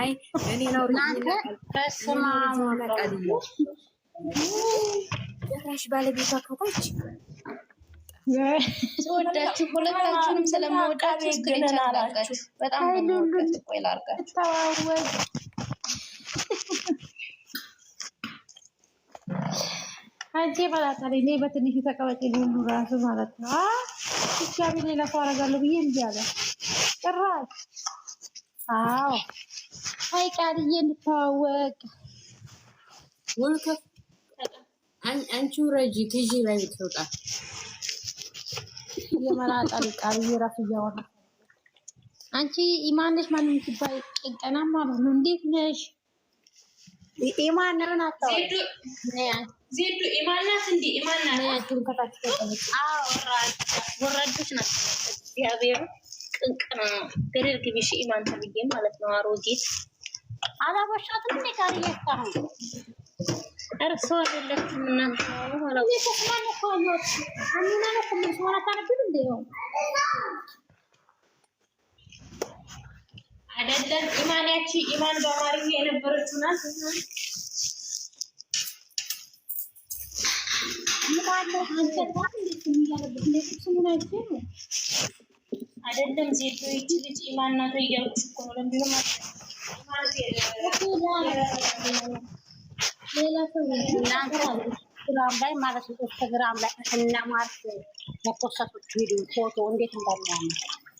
አይ እኔ ነው ጭራሽ ባለቤቷ ከታች ወዳችሁ ሁለታችሁንም ስለማወዳችሁ ስክሪን ላርጋችሁ። በጣም ቆይ ላርጋችሁ አንቺ በላታል እኔ በትንሽ ተቀበጭ ሁሉ ራሱ ማለት ነው። ብቻ ሌላ ሰው ብዬ እንዲህ ጭራሽ አዎ ሀይ ቃልዬ እንተዋወቅ። አንቺ ረጂ ትዥ ላይ ትወጣ የመራጣ ቃልዬ እራሱ እያወራ አንቺ ኢማንሽ ማን የምትባይ ቄንቀናማ ማለት ነው። እንዴት ነሽ ኢማን? ምን አታወሪ ዜዱ ኢማን ናት። ኢማን ናት። ኢማን ማለት ነው አሮጌት አላቦሻት ምን ጋር እየጣሁ እርሶ አይደለችም እናንተ አይደለም ኢማን ያቺ ኢማን በአማርኛ የነበረችው ናት። አይደለም ዜዶ ይቺ ልጅ ኢማን ናት እያልኩሽ እኮ ነው ለምንድነው ግራም ላይ ማለት ነው። ኢንስታግራም ላይ እና ማርክ የፖሰቱት ቪዲዮ ፎቶ እንዴት እንደሚያምር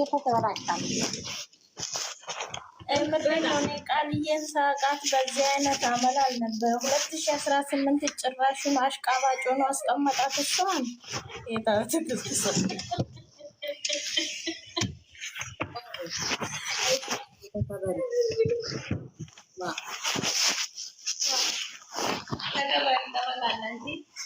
እየተበላጣል እምቅሬን ቃልዬን ሳቃት። በዚህ አይነት አመል ነበር ሁለት ሺ አስራ ስምንት ጭራሹን አሽቃባጭ ሆኖ አስቀመጣት። እሷን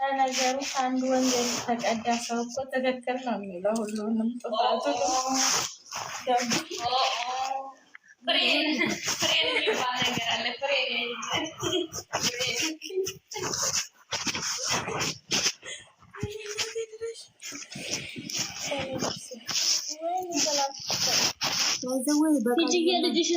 ለነገሩ ከአንድ ወንጀል ተቀዳ ሰው እኮ ትክክል ነው የሚለው ሁሉንም ጥፋቱ ይጅዬ ልጅሽ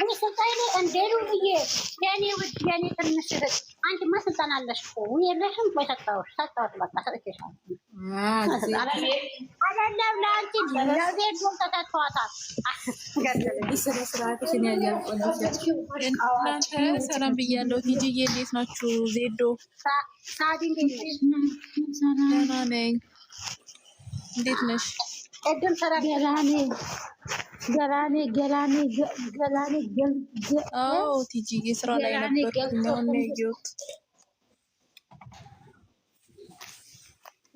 እኔ ስልጣኔ እንደሉ ብዬ የእኔ ውድ የእኔ ትንሽ እህት አንቺማ ስልጣን አለሽ እኮ የለሽም? ቆይ ሰጠሁሽ፣ ሰጠሁሽ፣ በቃ ሰጥቼሻለሁ። አይደለም ለአንቺ ሰላም ብያለሁ። ቲጂዬ እንዴት ናችሁ? ዜዶ እንዴት ነሽ? ደህና ነኝ። እንዴት ነሽ? ቀደም ሰራ ገላኔ ገላኔ ገላኔ ገላኔ ቲጂ ስራ ላይ ነበርሁት።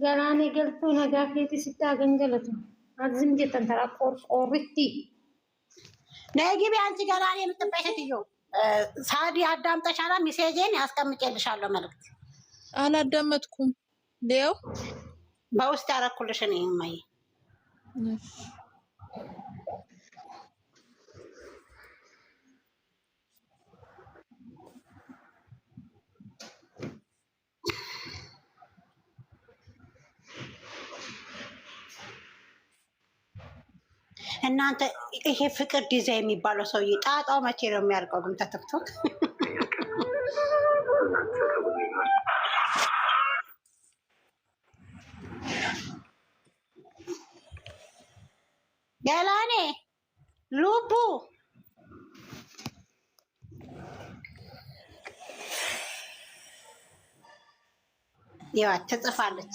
ገላኔ ገልቶ ነጋፌት ስታገኝ ገለቱ አዝም ጀተንተራ ቆርቆርቲ ነግቢ አንቺ ገላኔ የምትባይ ሴትዮ ሳዲ አዳምጠሻላ? ሚሴጄን ያስቀምጬልሻለሁ መልዕክት። አላዳመጥኩም። ሌው በውስጥ ያረኩልሽን ይማየ እናንተ ይሄ ፍቅር ዲዛይን የሚባለው ሰውዬ ጣጣው መቼ ነው የሚያርቀው? ግን ተተክቶክ ገላኔ ሉቡ ይዋት ትጽፋለች።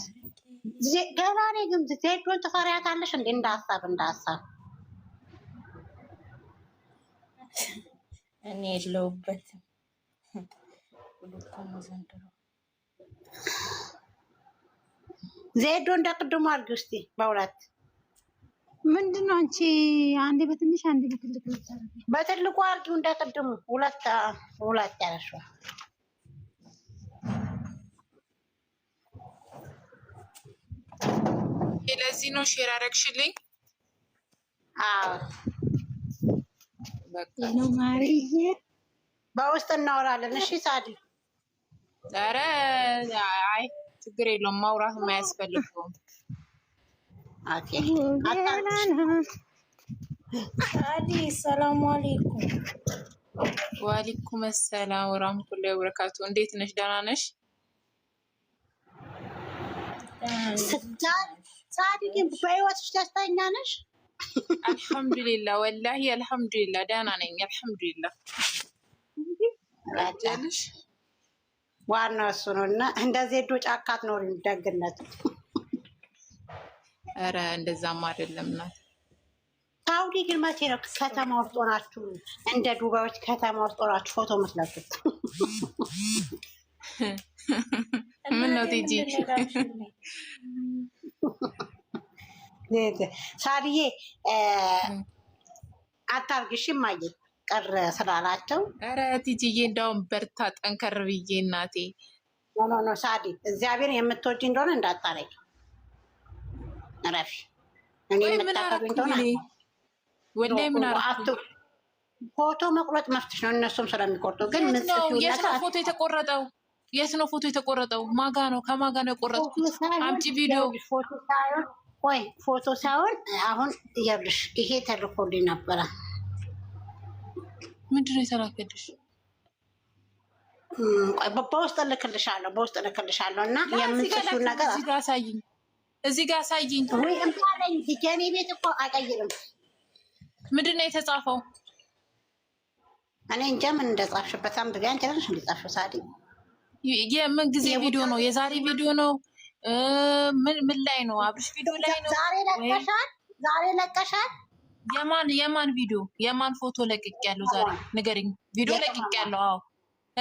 ገላኔ ግን ዜዶን ትፈሪያታለሽ እንዴ? እንደ ሀሳብ እንደ ሀሳብ እኔ የለሁበትም። ዜዶ እንደ ቅድሙ አድርጊ ውስጥ በሁለት ምንድን ነው አንቺ አንድ በትንሽ አንዴ በትልቅ በትልቁ አርጊው እንዳቀድሙ ሁለት ሁለት ያረሹ ለዚህ ነው ሼር አደረግሽልኝ። በውስጥ እናወራለን። እሺ ሳዲ፣ ኧረ አይ ችግር የለውም ማውራት የማያስፈልገውም አዲ ሰላሙ አሌይኩም። ወአሌይኩም ሰላም ወራህመቱላሂ ወበረካቱ። እንዴት ነሽ? ደህና ነሽ? ሳዲቅን በህይወትሽ ደስተኛ ነሽ? አልሐምዱሊላ ወላሂ አልሐምዱሊላ ደህና ነኝ። አልሐምዱሊላ ዋናው እሱ ነው እና እንደዚህ ዶ ጫካ አትኖሪም ደግነት ኧረ እንደዛም አይደለም ናት። ሳውዲ ግን መቼ ነው ከተማ ውስጥ ሆናችሁ እንደ ዱባዮች ከተማ ውስጥ ሆናችሁ ፎቶ የምትለቁት? ምን ነው ቲጂ ሳድዬ አታርግሽ ማየ ቀረ ስላላቸው ኧረ ቲጂዬ እንዳውም በርታ ጠንከር ብዬ እናቴ ኖ ኖ ሳዲ እግዚአብሔር የምትወጂ እንደሆነ እንዳታረጊ እረፊ። ፎቶ መቁረጥ መፍትሽ ነው። እነሱም ስለሚቆርጡ ግን የት ነው ፎቶ የተቆረጠው? የት ነው ፎቶ የተቆረጠው? ማጋ ነው ከማጋ ነው የቆረጥኩት። አምጪ ቪዲዮ ወይ ፎቶ ሳይሆን አሁን ይኸውልሽ፣ ይሄ ተልኮልኝ ነበረ። ምንድን ነው የተላከልሽ? በውስጥ እልክልሻለሁ፣ በውስጥ እልክልሻለሁ እና የምንስሱ ነገር አሳይኝ እዚህ ጋር አሳይኝ። ከኔ ቤት እኮ አቀይርም። ምንድን ነው የተጻፈው? እኔ እንጃ ምን እንደጻፍሽበት አንብቤ። አንቺ ነሽ እንደጻፍሽው ሳዲ። የምን ጊዜ ቪዲዮ ነው? የዛሬ ቪዲዮ ነው? ምን ምን ላይ ነው? አብርሽ ቪዲዮ ላይ ነው? ዛሬ ለቀሻል? ዛሬ ለቀሻል? የማን የማን ቪዲዮ የማን ፎቶ ለቅቄያለሁ? ዛሬ ንገሪኝ። ቪዲዮ ለቅቄያለሁ። አዎ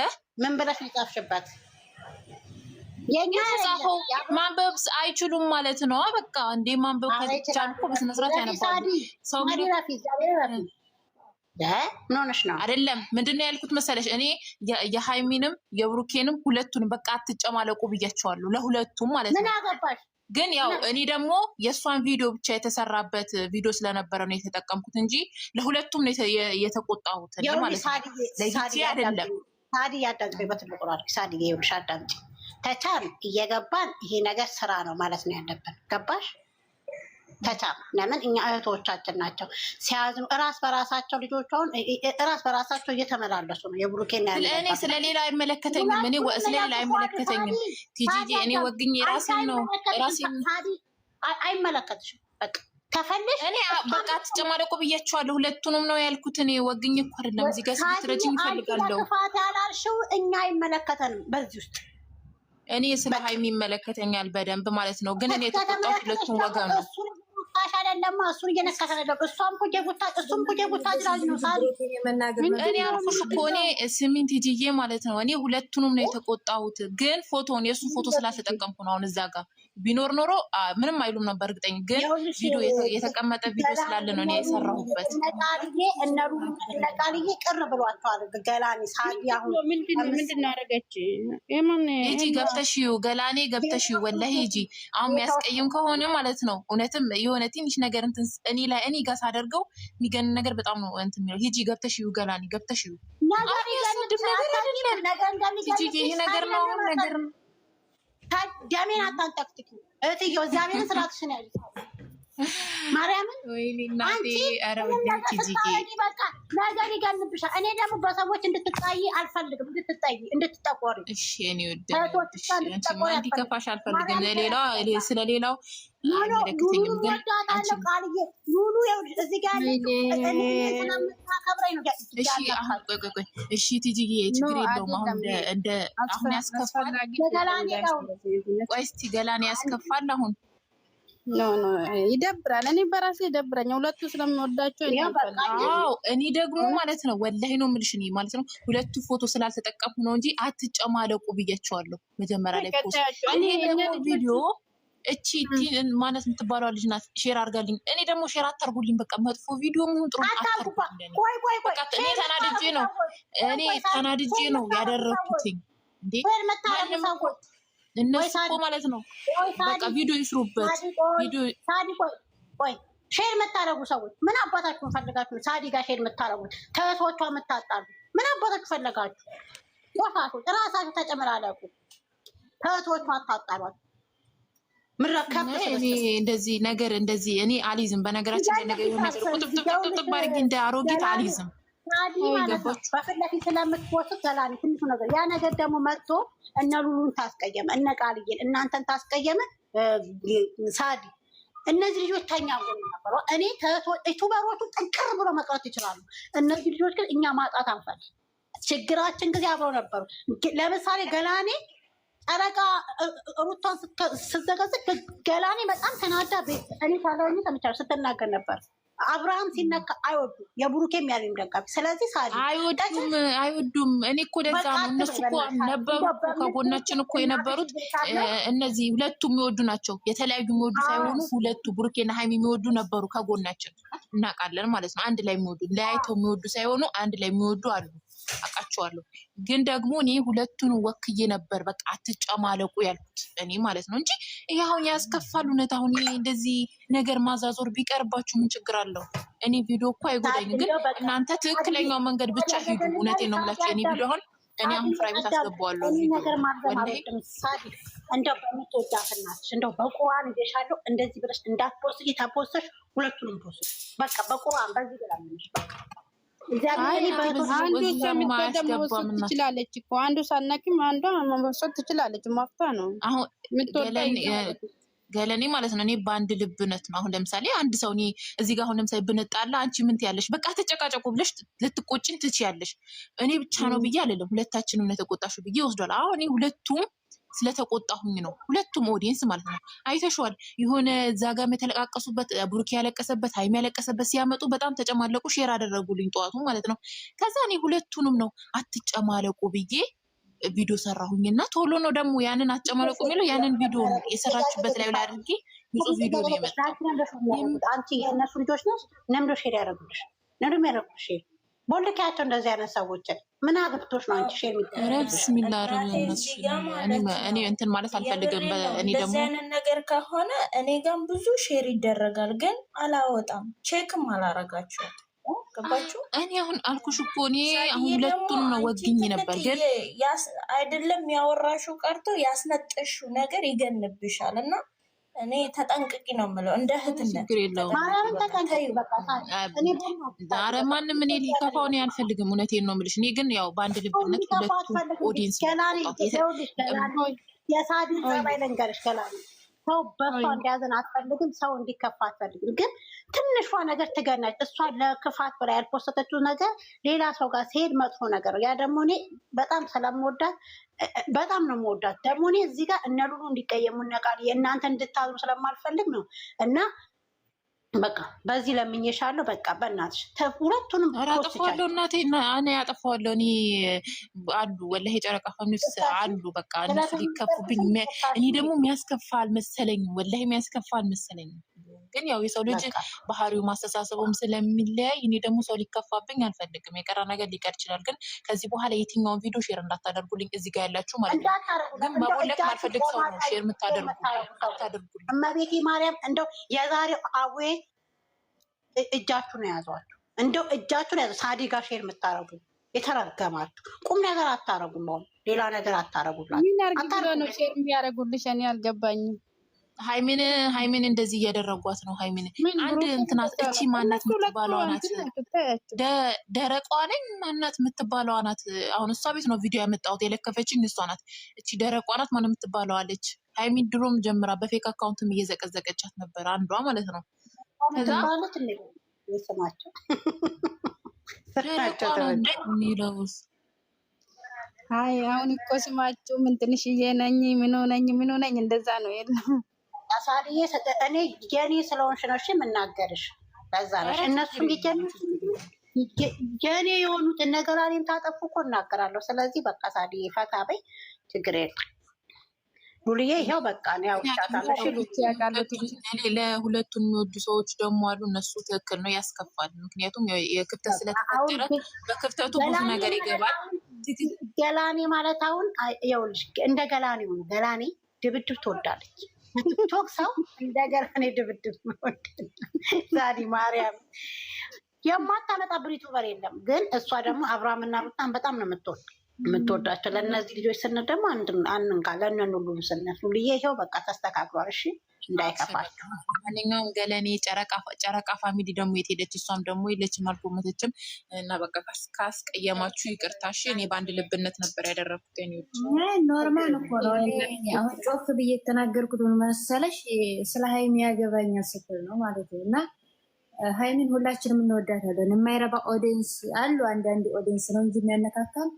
እ ምን ብለሽ ነው የጻፍሽበት? ማንበብ አይችሉም ማለት ነው። በቃ እንዴ ማንበብ አይደለም ምንድን ነው ያልኩት መሰለሽ? እኔ የሀይሚንም የብሩኬንም ሁለቱንም በቃ አትጨማለቁ ብያቸዋለሁ፣ ለሁለቱም ማለት ነው። ግን ያው እኔ ደግሞ የእሷን ቪዲዮ ብቻ የተሰራበት ቪዲዮ ስለነበረ ነው የተጠቀምኩት እንጂ ለሁለቱም ነው የተቆጣሁት ማለት ነው። ለይቼ አይደለም ሳዲ ያዳግበ በትልቁ ሳዲ ይሻ አዳምጪ ተቻም እየገባን ይሄ ነገር ስራ ነው ማለት ነው ያለብን። ገባሽ? ተቻም ለምን እኛ እህቶቻችን ናቸው ሲያዝኑ እራስ በራሳቸው ልጆቿን እራስ በራሳቸው እየተመላለሱ ነው። የብሩኬና እኔ ስለሌላ አይመለከተኝም። እኔ ስለሌላ አይመለከተኝም። ቲጂጂ እኔ ወግኝ ራሴን ነው ራሴን አይመለከትሽም። በቃ ከፈልሽ እኔ በቃ ትጨማደቁ ብያቸዋለሁ። ሁለቱንም ነው ያልኩት። እኔ ወግኝ እኮ አይደለም እዚህ ጋር ስትረጅኝ ይፈልጋለሁ። ጥፋት ያላልሽው እኛ አይመለከተንም በዚህ ውስጥ እኔ ስለ ሀይሚ ይመለከተኛል በደንብ ማለት ነው። ግን እኔ የተቆጣሁት ሁለቱም ወገን ነው። ነካሽ አይደለም እሱን እየነካሽ አይደለም። እሷም ኩጀ ጉታ እሱም ኩጀ ጉታ ጅራጅ ነው ሳሪ እኔ ያልኩሽ እኮ እኔ ስሚንት ጅዬ ማለት ነው። እኔ ሁለቱንም ነው የተቆጣሁት፣ ግን ፎቶን የእሱ ፎቶ ስላልተጠቀምኩ ነው። አሁን እዛ ጋር ቢኖር ኖሮ ምንም አይሉም ነበር። እርግጠኝ ግን ቪዲዮ የተቀመጠ ቪዲዮ ስላለ ነው እኔ የሰራሁበት። ነቃልዬ እነሩ ነቃልዬ ቅር ብሏቸዋል። ገላኔ ሳዲ አሁን ምንድን ነው ያደረገች? ሂጂ ገብተሽ ገላኔ ገብተሽ ወላሂ ሂጂ። አሁን የሚያስቀይም ከሆነ ማለት ነው እውነትም የሆነ ትንሽ ነገር እንትን እኔ ላይ እኔ ጋር ሳደርገው የሚገን ነገር በጣም ነው እንትን የሚለው ሂጂ ገብተሽ ዩ ገላኒ ገብተሽ ዩ ይሄ ነገር ነው ነገር ደሜን አታንጠቅጥቂ እህትዮ እግዚአብሔር ስራትሽን ያለ ማርያምን ነገር ይገንብሻል። እኔ ደግሞ በሰዎች እንድትጣይ አልፈልግም፣ እንድትጣይ እንድትጠቆሪ እሺ፣ እኔ ወደ ስለሌላው እሺ ያስከፋል። ያስከፋል አሁን ይደብራል። እኔ በራሴ ይደብረኝ። ሁለቱ ስለምወዳቸው እኔ ደግሞ ማለት ነው ወላሂ ነው የምልሽ እኔ ማለት ነው ሁለቱ ፎቶ ስላልተጠቀምኩ ነው እንጂ አትጨማለቁ ብያቸዋለሁ መጀመሪያ ላይ ፖስት እኔ ደግሞ ቪዲዮ እቺ ማነት የምትባለው ልጅ ናት ሼር አርጋልኝ። እኔ ደግሞ ሼር አታርጉልኝ። በቃ መጥፎ ቪዲዮ መሆን ጥሩ አታርጉልኝ። ተናድጄ ነው እኔ ተናድጄ ነው ያደረኩትኝ። እነሱ እኮ ማለት ነው በቃ ቪዲዮ ይስሩበት። ሼር የምታደረጉ ሰዎች ምን አባታችሁ ፈልጋችሁ ሳዲ ጋር ሼር የምታደርጉት ተሰዎቿ የምታጣሉ ምን አባታችሁ ፈለጋችሁ? ቆሻሾች ራሳችሁ ተጨመላለቁ። ተሰዎቿ አታጣሏት። እንደዚህ ነገር እንደዚህ እኔ አልይዝም። በነገራችን ላይ ነገር የሆነ ነገር ቁጥብጥብጥብጥብ አድርጊ እንደ አሮጊት አልይዝም። በፊት ለፊት ስለምትወጡት ትንሹ ነገር ያ ነገር ደግሞ መጥቶ እነ ሉሉን ታስቀየመ፣ እነ ቃልዬን እናንተን ታስቀየመ። ሳዲ እነዚህ ልጆች ተኛ ጎን ነበረ። እኔ ቱበሮቹ ጥንቅር ብሎ መቅረት ይችላሉ። እነዚህ ልጆች ግን እኛ ማጣት አንፈል ችግራችን ጊዜ አብረው ነበሩ። ለምሳሌ ገላኔ ጨረቃ ሩቷን ስዘገዝግ ገላኔ በጣም ተናዳ እኔ ሳላኝ ተመቻለሁ ስትናገር ነበር። አብርሃም ሲነካ አይወዱም። የብሩኬ ያለኝ ደጋፊ ስለዚህ ሳ አይወዱም አይወዱም። እኔ እኮ ደጋ ነው። እነሱ እኮ ነበሩ ከጎናችን እኮ የነበሩት እነዚህ ሁለቱ የሚወዱ ናቸው። የተለያዩ የሚወዱ ሳይሆኑ ሁለቱ ቡሩኬና ሀይሚ የሚወዱ ነበሩ ከጎናችን፣ እናውቃለን ማለት ነው። አንድ ላይ የሚወዱ ለያይተው የሚወዱ ሳይሆኑ አንድ ላይ የሚወዱ አሉ። አውቃቸዋለሁ። ግን ደግሞ እኔ ሁለቱን ወክዬ ነበር በቃ አትጨማለቁ ያልኩት እኔ ማለት ነው እንጂ ይህ አሁን ያስከፋል። እውነት አሁን እንደዚህ ነገር ማዛዞር ቢቀርባችሁ ምን ችግር አለው? እኔ ቪዲዮ እኮ አይጎዳኝ፣ ግን እናንተ ትክክለኛው መንገድ ብቻ ሂዱ። እውነቴን ነው የምላቸው። እኔ ቪዲዮ አሁን እኔ አሁን ፕራይቬት አስገባዋለሁ። ነገር እንደው በምትወዳት እናትሽ እንደው በቁርአን ይሻለሁ እንደዚህ ብለሽ እንዳትፖስት፣ እየታፖስተሽ ሁለቱንም ፖስት በቃ በቁርአን በዚህ ብላ ምንሽ በቃ ማያስገባም ትችላለች እኮ አንዱ ሳናኪም አንዷ መበሰት ትችላለች። ማፍታ ነው አሁን ገለኔ ማለት ነው። እኔ በአንድ ልብነት ነው። አሁን ለምሳሌ አንድ ሰው እኔ እዚህ ጋር አሁን ለምሳሌ ብንጣላ አንቺ ምን ትያለሽ? በቃ ተጨቃጨቁ ብለሽ ልትቆጭን ትችያለሽ። እኔ ብቻ ነው ብዬ አልልም። ሁለታችንም ነው የተቆጣሽው ብዬ ይወስዷል። አሁን ሁለቱም ስለተቆጣሁኝ ነው። ሁለቱም ኦዲየንስ ማለት ነው። አይተሸዋል። የሆነ ዛጋም የተለቃቀሱበት ቡርኪ ያለቀሰበት ሀይሚ ያለቀሰበት ሲያመጡ በጣም ተጨማለቁ። ሼር አደረጉልኝ ጠዋቱ ማለት ነው። ከዛ እኔ ሁለቱንም ነው አትጨማለቁ ብዬ ቪዲዮ ሰራሁኝ እና ቶሎ ነው ደግሞ ያንን አትጨማለቁ የሚለው ያንን ቪዲዮ ነው የሰራችሁበት ላይ ላይ አድርጌ ንጹህ ቪዲዮ ነው የመጣው። አንቺ የእነሱ ልጆች ነው ነምዶ ሼር ያደረጉልሽ ለምዶ የሚያደረጉልሽ ቦልኪያቸው እንደዚህ አይነት ሰዎችን ምን አግብቶች ነው አንቺ ሼር እኔ እንትን ማለት አልፈልግም። እኔ ደግሞ ነገር ከሆነ እኔ ጋም ብዙ ሼር ይደረጋል፣ ግን አላወጣም፣ ቼክም አላረጋቸው ገባችሁ? እኔ አሁን አልኩሽ እኮ እኔ አሁን ሁለቱን ነው ወግኝ ነበር፣ ግን አይደለም ያወራሹ ቀርቶ ያስነጠሹ ነገር ይገንብሻል እና እኔ ተጠንቅቂ ነው የምለው፣ እንደ እህትነት ችግር ማንም እኔ ሊከፋውን እኔ አልፈልግም። እውነቴን ነው የምልሽ። እኔ ግን ያው በአንድ ልብነት ሁለቱ ኦዲንስ የሳድን ጸባይ ልንገርሽ ገና ሰው በእሷ እንዲያዘን አትፈልግም። ሰው እንዲከፋ አትፈልግም። ግን ትንሿ ነገር ትገናች። እሷ ለክፋት ብላ ያልፖሰተችው ነገር ሌላ ሰው ጋር ሲሄድ መጥፎ ነገር ያ ደግሞ እኔ በጣም ስለምወዳት በጣም ነው የምወዳት። ደግሞ እኔ እዚህ ጋር እነ ሉሉ እንዲቀየሙ እነ ቃል የእናንተ እንድታዝሩ ስለማልፈልግ ነው እና በቃ በዚህ ለምኝሻለሁ። በቃ በእናትሽ ሁለቱንም አጠፋዋለሁ። እናቴ እኔ አጠፋዋለሁ። እኔ አሉ ወላሂ የጨረቃ ፋሚሊስ አሉ። በቃ እነሱ ሊከፉብኝ፣ እኔ ደግሞ የሚያስከፋ አልመሰለኝም። ወላሂ የሚያስከፋ አልመሰለኝም። ግን ያው የሰው ልጅ ባህሪው ማስተሳሰቡም ስለሚለያይ እኔ ደግሞ ሰው ሊከፋብኝ አልፈልግም። የቀረ ነገር ሊቀር ይችላል። ግን ከዚህ በኋላ የትኛውን ቪዲዮ ሼር እንዳታደርጉልኝ እዚህ ጋር ያላችሁ ማለት ነው። ግን መቦለቅ ማልፈልግ ሰው ነው ሼር የምታደርጉ አታደርጉልኝ። እመቤቴ ማርያም እንደው የዛሬው አዌ እጃችሁ እጃችሁን የያዟችሁ እንደው ነው ያዘ ሳዲ ጋር ሼር የምታረጉ የተረገማችሁ ቁም ነገር አታረጉም። አሁን ሌላ ነገር አታረጉላችሁ። ምን አርግ ነው ሼር የሚያደርጉልሽ? እኔ አልገባኝም። ሀይሚን ሀይሚን እንደዚህ እያደረጓት ነው። ሀይሚን አንድ እንትናት እቺ ማናት የምትባለዋ ናት፣ ደረቋ ነኝ ማናት የምትባለዋ ናት። አሁን እሷ ቤት ነው ቪዲዮ ያመጣሁት የለከፈችኝ እሷ ናት። እቺ ደረቋ ናት ማን የምትባለዋለች። ሀይሚን ድሮም ጀምራ በፌክ አካውንትም እየዘቀዘቀቻት ነበር፣ አንዷ ማለት ነው። ከዛ ደረቋ ነው አይ አሁን እኮ ስማችሁ ምን ትንሽዬ ነኝ ምን ሆነኝ እንደዛ ነው የለም አሳልዬ እኔ ጀኔ ስለሆንሽ ነው የምናገርሽ። በዛ ነሽ እነሱ ጀኔ የሆኑት ነገር እኔም ታጠፉ እኮ እናገራለሁ። ስለዚህ በቃ አሳልዬ ፈታ በይ፣ ችግር የለም ሉልዬ። ይኸው በቃ ነው ያውቻታለሽ። ለሁለቱን የሚወዱ ሰዎች ደግሞ አሉ። እነሱ ትክክል ነው ያስከፋል። ምክንያቱም የክፍተት ስለተፈጠረ በክፍተቱ ብዙ ነገር ይገባል። ገላኔ ማለት አሁን ይኸውልሽ እንደ ገላኔ ሆኑ ገላኔ ድብድብ ትወዳለች ቲክቶክ ሰው እንደገና እኔ ድብድብ ዛሬ ማርያም የማታመጣ ብሪቱ በር የለም። ግን እሷ ደግሞ አብርሃምና ሩታን በጣም ነው የምትወድ የምትወዳቸው ለእነዚህ ልጆች ስንል ደግሞ አንንጋ ለእነን ሁሉም ስንል ብዬ ይሄው በቃ ተስተካክሏል። እሺ እንዳይከፋቸው። ማንኛውም ገለኔ ጨረቃ ፋሚሊ ደግሞ የት ሄደች? እሷም ደግሞ የለችም አልጎመተችም። እና በቃ ካስቀየማችሁ ይቅርታ። እሺ እኔ በአንድ ልብነት ነበር ያደረግኩት። ኖርማል እኮ ነው። አሁን ጮክ ብዬ የተናገርኩት መሰለሽ ስለ ሀይሚ ያገባኛ ስትል ነው ማለት ነው እና ሀይሚን ሁላችንም እንወዳታለን። የማይረባ ኦዲንስ አሉ። አንዳንድ ኦዲንስ ነው እንጂ የሚያነካካል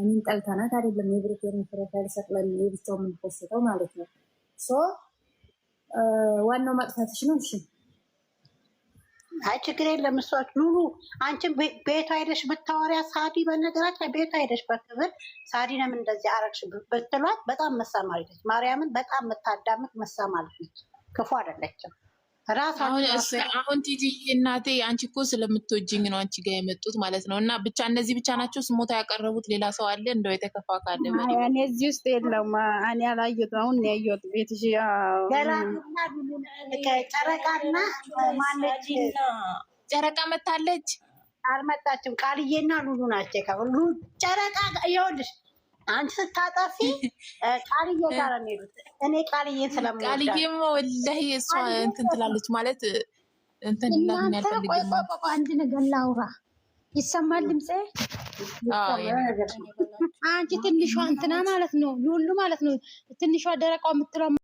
እኔን ጠልታናት አይደለም። የብሩኬን ፕሮፋይል ሰቅለን የብቻው የምንፈስተው ማለት ነው። ሶ ዋናው ማጥፋትሽ ነው። እሺ፣ አይ ችግር የለም። እሷች ሉሉ አንቺን ቤት አይደሽ ብታወሪያ ሳዲ፣ በነገራችን ቤት አይደሽ በክብር ሳዲ ነም እንደዚህ አረግሽ ብትሏት በጣም መሳማሪት ነች። ማርያምን በጣም የምታዳምጥ መሳማሪት ነች። ክፉ አይደለችም። አሁን ቲጂዬ እናቴ አንቺ እኮ ስለምትወጅኝ ነው አንቺ ጋር የመጡት ማለት ነው። እና ብቻ እነዚህ ብቻ ናቸው ስሞታ ያቀረቡት። ሌላ ሰው አለ እንደው የተከፋ ካለ እኔ እዚህ ውስጥ የለም። እኔ አላየሁትም። አሁን ነው ያየሁት። ቤትሽ ጨረቃና ጨረቃ መታለች? አልመጣችም። ቃልዬና ሉሉ ናቸው። ጨረቃ ይኸውልሽ አንቺ ስታጠፊ ቃልዬ ጋር ነው የሚሄዱት። እኔ ቃልዬን ስለምወዳት ቃልዬማ ወላሂ እሷ እንትን ትላለች ማለት እንትን ላምን ያልፈልግም። አንድ ነገር ላውራ፣ ይሰማል ድምፄ? አንቺ ትንሿ እንትና ማለት ነው ሉሉ ማለት ነው ትንሿ ደረቃ የምትለው